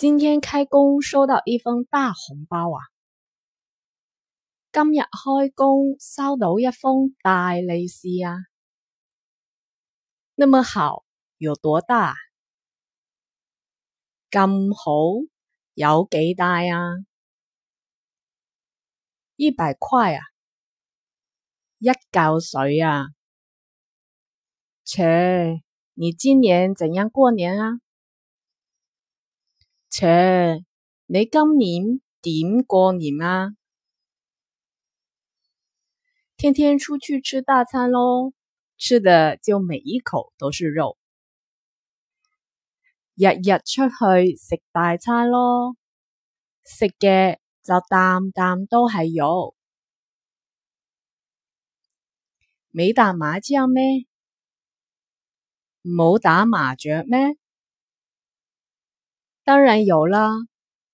今天開工收到一封大紅包啊！今日開工收到一封大利是啊！那麼好，有多大？咁，好有幾大啊？一百塊啊？一嚿水啊？切，你今年怎樣過年啊？切，你今年點過年啊？天天出去吃大餐咯，吃的就每一口都是肉。日日出去食大餐咯，食嘅就啖啖都係肉。沒打麻將咩？冇打麻雀咩？當然有啦，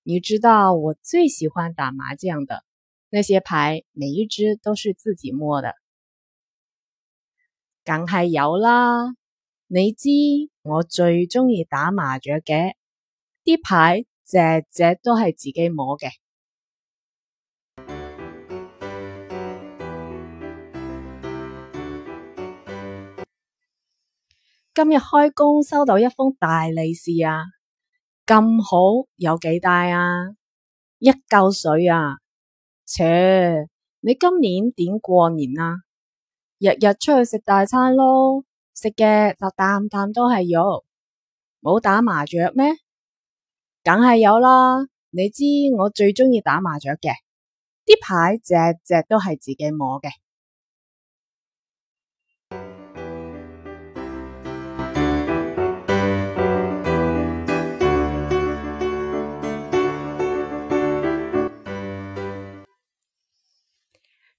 你知道我最喜歡打麻將的，那些牌每一隻都是自己摸的，梗係有啦。你知我最中意打麻將嘅，啲牌隻只都係自己摸嘅。今日開工收到一封大利是啊！咁好，有幾大啊？一嚿水啊！切，你今年點過年啊？日日出去食大餐咯，食嘅就啖啖都係肉。冇打麻雀咩？梗係有啦，你知我最鍾意打麻雀嘅，啲牌隻隻都係自己摸嘅。